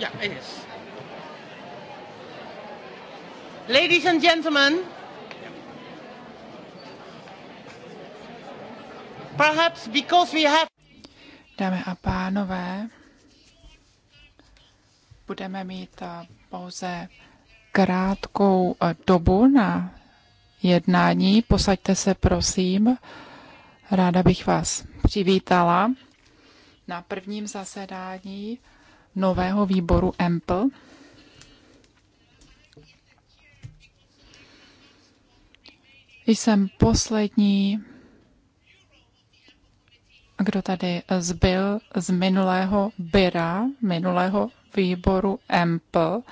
Yeah, er it is. Ladies and gentlemen, perhaps because we have... Dámy a pánové, budeme mít eh, pouze krátkou eh, dobu na jednání. Posaďte se, prosím. Ráda bych vás přivítala na prvním zasedání nového výboru EMPL. Jsem poslední, kdo tady zbyl z minulého byra, minulého výboru EMPL.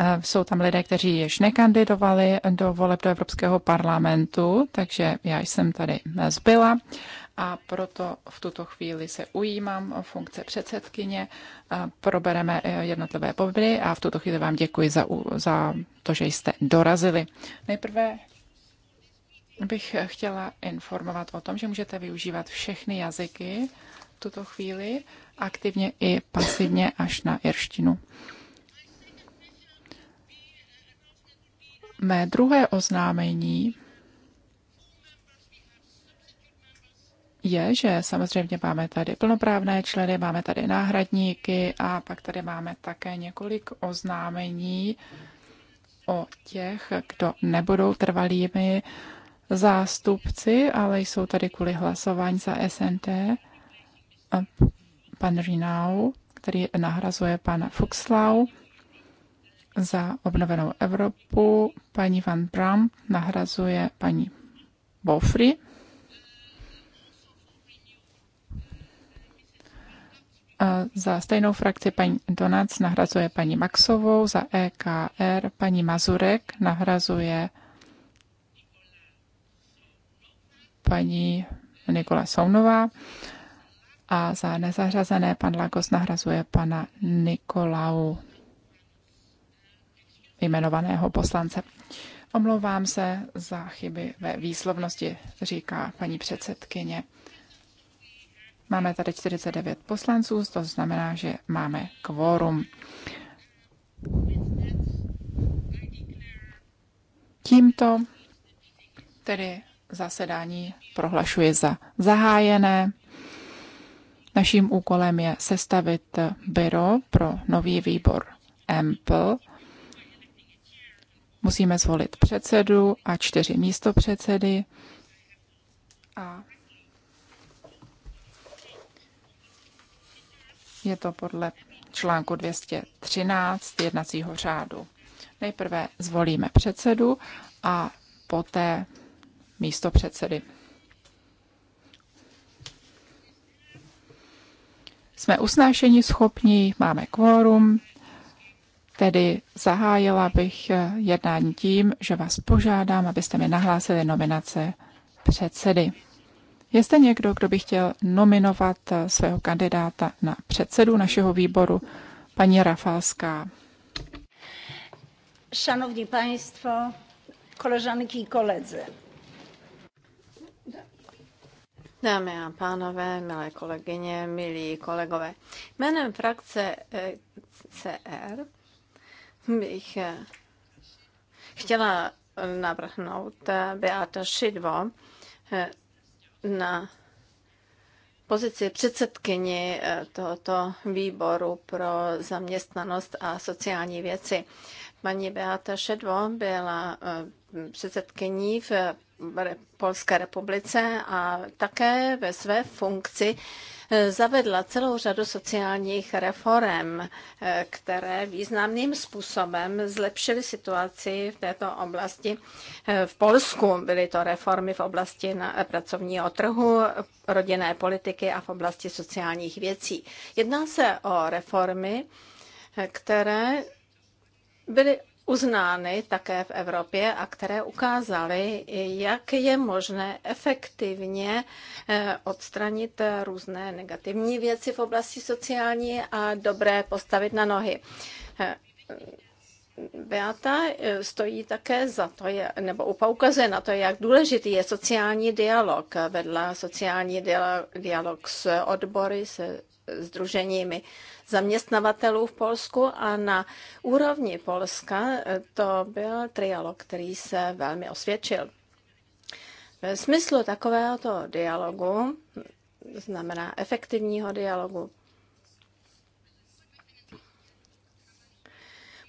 Eh, jsou tam lidé, kteří již nekandidovali do voleb do Evropského parlamentu, takže já jsem tady zbyla a proto v tuto chvíli se ujímám funkce předsedkyně. Probereme e, jednotlivé body a v tuto chvíli vám děkuji za, za to, že jste dorazili. Nejprve bych chtěla informovat o tom, že můžete využívat všechny jazyky v tuto chvíli, aktivně i pasivně až na irštinu. Mé druhé oznámení je, že samozřejmě máme tady plnoprávné členy, máme tady náhradníky a pak tady máme také několik oznámení o těch, kdo nebudou trvalými zástupci, ale jsou tady kvůli hlasování za SNT pan Rinau, který nahrazuje pana Fuxlau za obnovenou Evropu, paní Van Bram nahrazuje paní Bofry Za stejnou frakci paní Donac nahrazuje paní Maxovou, za EKR paní Mazurek nahrazuje paní Nikola Sounová a za nezařazené pan Lagos nahrazuje pana Nikolau, jmenovaného poslance. Omlouvám se za chyby ve výslovnosti, říká paní předsedkyně. Máme tady 49 poslanců, to znamená, že máme kvórum. Tímto tedy zasedání prohlašuje za zahájené. Naším úkolem je sestavit byro pro nový výbor EMPL. Musíme zvolit předsedu a čtyři místopředsedy a Je to podle článku 213 jednacího řádu. Nejprve zvolíme předsedu a poté místo předsedy. Jsme usnášení schopní, máme kvórum, tedy zahájila bych eh, jednání tím, že vás požádám, abyste mi nahlásili nominace předsedy. Je zde někdo, kdo by chtěl nominovat eh, svého kandidáta na předsedu našeho výboru, paní Rafalská? Szanowni Państwo, koleżanki i koledzy. Dámy a pánové, milé kolegyně, milí kolegové, jménem frakce eh, CR bych eh, chtěla navrhnout Beata Šidvo na pozici předsedkyni eh, tohoto výboru pro zaměstnanost a sociální věci. Paní Beata Šedvo byla eh, předsedkyní v Polské republice a také ve své funkci eh, zavedla celou řadu sociálních reform, eh, které významným způsobem zlepšily situaci v této oblasti eh, v Polsku. Byly to reformy v oblasti na pracovního trhu, rodinné politiky a v oblasti sociálních věcí. Jedná se o reformy, které byly uznány také v Evropě a které ukázaly, jak je možné efektivně eh, odstranit různé negativní věci v oblasti sociální a dobré postavit na nohy. Eh, Beata eh, stojí také za to, nebo upoukazuje na to, jak důležitý je sociální dialog. Vedla sociální dialog s odbory, se združeními zaměstnavatelů v Polsku a na úrovni Polska eh, to byl trialog, který se velmi osvědčil. V smyslu takovéhoto dialogu, hm, znamená efektivního dialogu,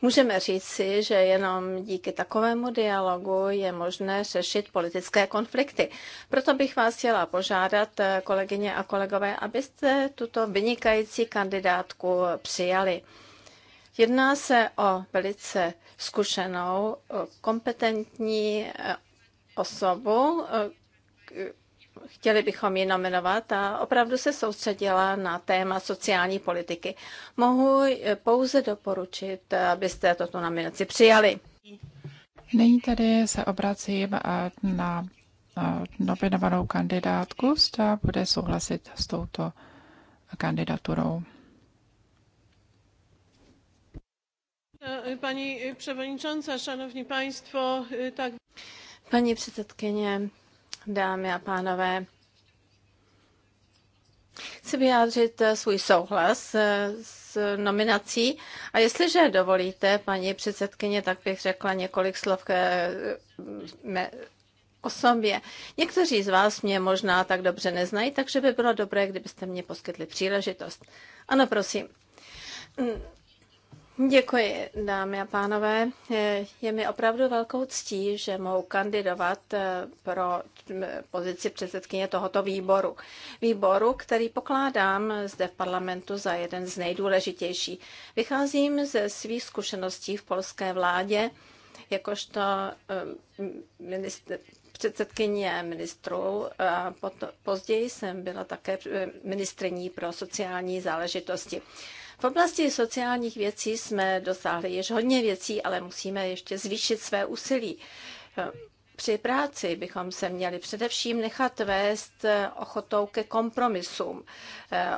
Můžeme si, že jenom díky takovému dialogu je možné řešit politické konflikty. Proto bych vás chtěla požádat, kolegyně a kolegové, abyste tuto vynikající kandidátku přijali. Jedná se o velice zkušenou, kompetentní eh, osobu, eh, chtěli bychom ji nominovat a opravdu se soustředila na téma sociální politiky. Mohu pouze doporučit, abyste toto nominaci přijali. Nyní tady se obracím eh, na eh, nominovanou kandidátku, zda bude souhlasit s touto kandidaturou. Eh, Pani tak... Paní předsedkyně, Dámy a pánové, chci vyjádřit eh, svůj souhlas eh, s nominací a jestliže dovolíte, paní předsedkyně, tak bych řekla několik slov ke eh, mé osobě. Někteří z vás mě možná tak dobře neznají, takže by bylo dobré, kdybyste mě poskytli příležitost. Ano, prosím. Děkuji, dámy a pánové. Eh, je mi opravdu velkou ctí, že mohu kandidovat eh, pro pozici předsedkyně tohoto výboru. Výboru, který pokládám zde v parlamentu za jeden z nejdůležitějších. Vycházím ze svých zkušeností v polské vládě, jakožto eh, minister, předsedkyně ministrů. A později jsem byla také ministriní pro sociální záležitosti. V oblasti sociálních věcí jsme dosáhli již hodně věcí, ale musíme ještě zvýšit své úsilí. Při práci bychom se měli především nechat vést ochotou ke kompromisům,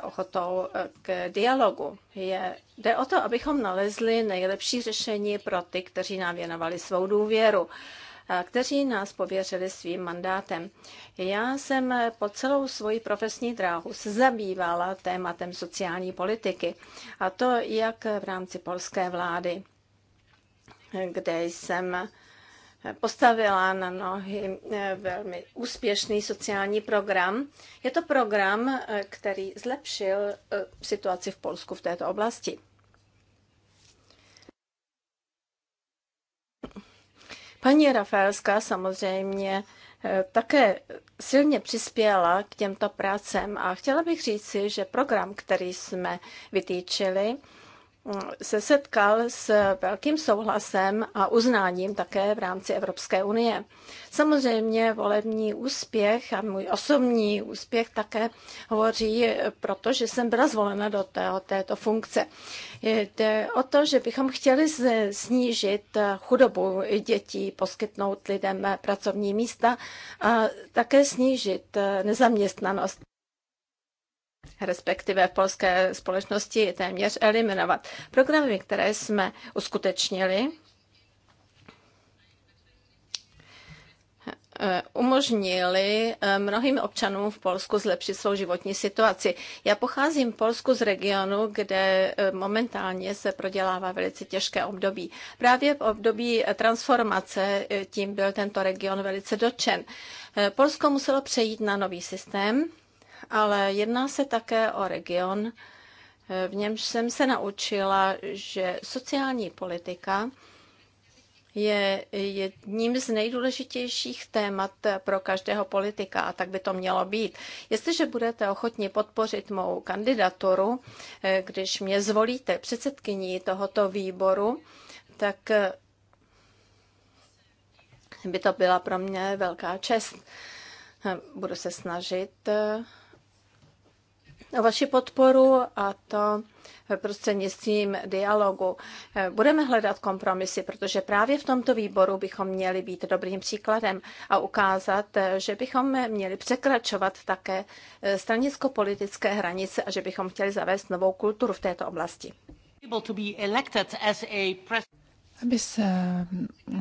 ochotou k dialogu. Je, jde o to, abychom nalezli nejlepší řešení pro ty, kteří nám věnovali svou důvěru kteří nás pověřili svým mandátem. Já jsem po celou svoji profesní dráhu se zabývala tématem sociální politiky, a to jak v rámci polské vlády, kde jsem postavila na nohy e, velmi úspěšný sociální program. Je to program, e, který zlepšil e, situaci v Polsku v této oblasti. Paní Rafaelská samozřejmě eh, také silně přispěla k těmto prácem a chtěla bych říci, že program, který jsme vytýčili, se setkal s velkým souhlasem a uznáním také v rámci Evropské unie. Samozřejmě volební úspěch a můj osobní úspěch také hovoří, protože jsem byla zvolena do tého, této funkce. Jde o to, že bychom chtěli snížit chudobu dětí, poskytnout lidem pracovní místa a také snížit nezaměstnanost respektive v polské společnosti téměř eliminovat. Programy, které jsme uskutečnili, umožnili eh, mnohým občanům v Polsku zlepšit svou životní situaci. Já pocházím v Polsku z regionu, kde eh, momentálně se prodělává velice těžké období. Právě v období transformace eh, tím byl tento region velice dočen. Polsko muselo přejít na nový systém, ale jedná se také o region, v němž jsem se naučila, že sociální politika je jedním z nejdůležitějších témat pro každého politika a tak by to mělo být. Jestliže budete ochotni podpořit mou kandidaturu, když mě zvolíte předsedkyní tohoto výboru, tak by to byla pro mě velká čest. Budu se snažit o vaši podporu a to prostřednictvím dialogu. Budeme hledat kompromisy, protože právě v tomto výboru bychom měli být dobrým příkladem a ukázat, že bychom měli překračovat také stranicko-politické hranice a že bychom chtěli zavést novou kulturu v této oblasti. Aby se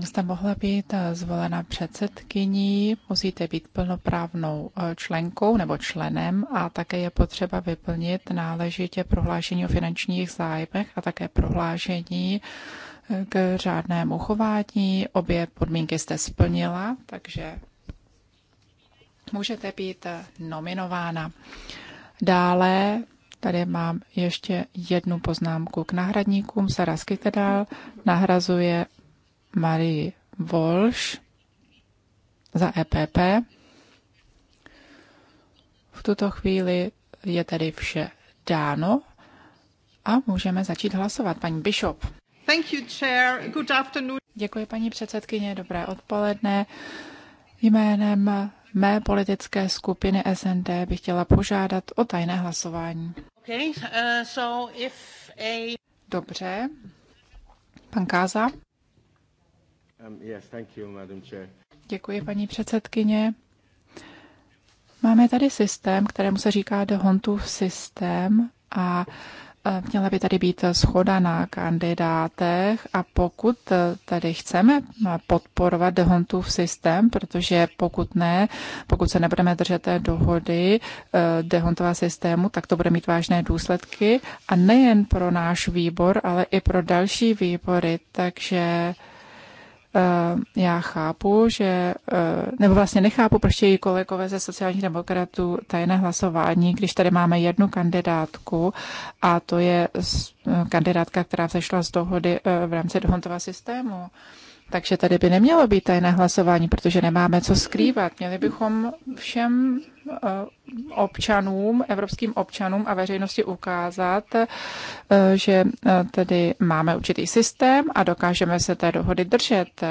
jste mohla být eh, zvolena předsedkyní, musíte být plnoprávnou eh, členkou nebo členem a také je potřeba vyplnit náležitě prohlášení o finančních zájmech a také prohlášení eh, k řádnému chování. Obě podmínky jste splnila, takže můžete být nominována. Dále Tady mám ještě jednu poznámku k náhradníkům. Sara Skytedal nahrazuje Marie Walsh za EPP. V tuto chvíli je tedy vše dáno a můžeme začít hlasovat. Paní Bishop. Thank you, chair. Good afternoon. Děkuji, paní předsedkyně. Dobré odpoledne. Jménem mé politické skupiny SND bych chtěla požádat o tajné hlasování. Okay, uh, so if a... Dobře. Pan Káza? Um, yes, thank you, Madam Chair. Děkuji, paní předsedkyně. Máme tady systém, kterému se říká de Hontův systém a Měla by tady být schoda na kandidátech a pokud eh, tady chceme podporovat Dehontův systém, protože pokud ne, pokud se nebudeme držet té dohody eh, Dehontova systému, tak to bude mít vážné důsledky a nejen pro náš výbor, ale i pro další výbory, takže Eh, já chápu, že, eh, nebo vlastně nechápu, proč chtějí kolegové ze sociálních demokratů tajné hlasování, když tady máme jednu kandidátku a to je eh, kandidátka, která vzešla z dohody v rámci dohontového systému. Takže tady by nemělo být tajné hlasování, protože nemáme co skrývat. Měli bychom všem eh, občanům, evropským občanům a veřejnosti ukázat, eh, že eh, tedy máme určitý systém a dokážeme se té dohody držet.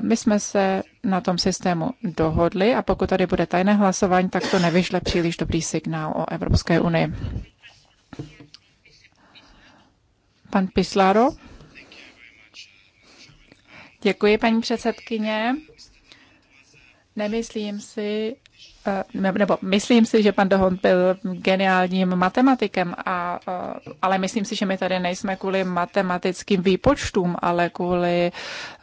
My jsme se na tom systému dohodli a pokud tady bude tajné hlasování, tak to nevyšle příliš dobrý signál o Evropské unii. Pan Pislaro? Děkuji, paní předsedkyně. Nemyslím si, eh, nebo myslím si, že pan Dohon byl geniálním matematikem, a, eh, ale myslím si, že my tady nejsme kvůli matematickým výpočtům, ale kvůli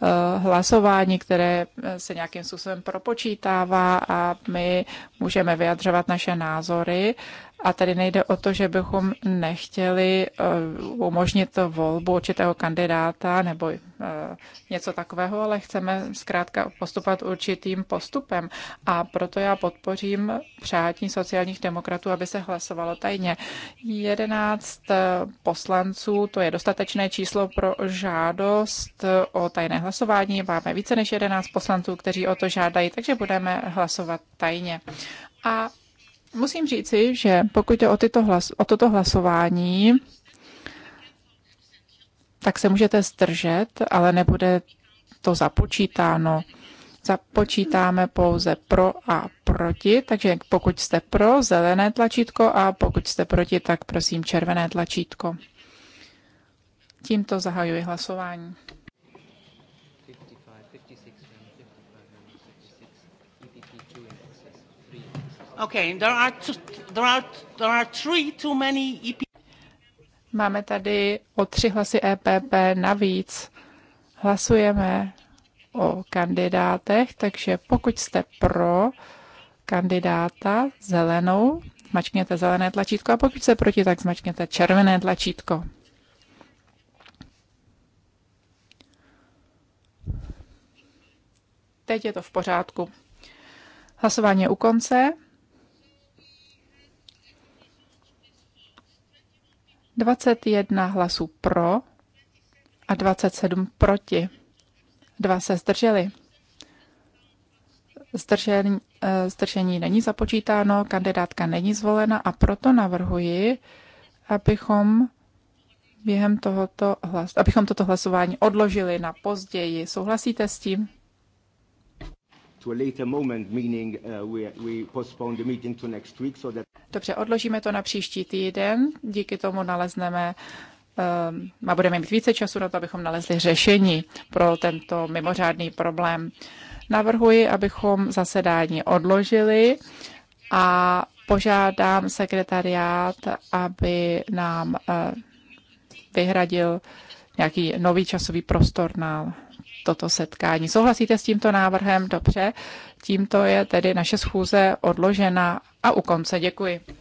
eh, hlasování, které se nějakým způsobem propočítává a my můžeme vyjadřovat naše názory a tady nejde o to, že bychom nechtěli eh, umožnit volbu určitého kandidáta nebo eh, něco takového, ale chceme zkrátka postupovat určitým postupem. A proto já podpořím přátí sociálních demokratů, aby se hlasovalo tajně. 11 eh, poslanců, to je dostatečné číslo pro žádost o tajné hlasování. Máme více než 11 poslanců, kteří o to žádají, takže budeme hlasovat tajně. A Musím říci, že pokud jde o, tyto hlas, o toto hlasování, tak se můžete zdržet, ale nebude to započítáno. Započítáme pouze pro a proti, takže pokud jste pro, zelené tlačítko a pokud jste proti, tak prosím červené tlačítko. Tímto zahajuji hlasování. Okay, there are two, there are, there are three too many EP. Máme tady o tři hlasy EPP navíc. Hlasujeme o kandidátech, takže pokud jste pro kandidáta zelenou, zmačkněte zelené tlačítko a pokud jste proti, tak zmačkněte červené tlačítko. Teď je to v pořádku. Hlasování je u konce. 21 hlasů pro a 27 proti. Dva se zdrželi. Zdržení, eh, zdržení není započítáno, kandidátka není zvolena a proto navrhuji, abychom během tohoto hlas, abychom toto hlasování odložili na později. Souhlasíte s tím? to a later moment, meaning uh, we, we postpone the meeting to next week so that... Dobře, odložíme to na příští týden, díky tomu nalezneme um, a budeme mít více času na to, abychom nalezli řešení pro tento mimořádný problém. Navrhuji, abychom zasedání odložili a požádám sekretariát, aby nám uh, vyhradil nějaký nový časový prostor na toto setkání. Souhlasíte s tímto návrhem? Dobře. Tímto je tedy naše schůze odložena a u konce. Děkuji.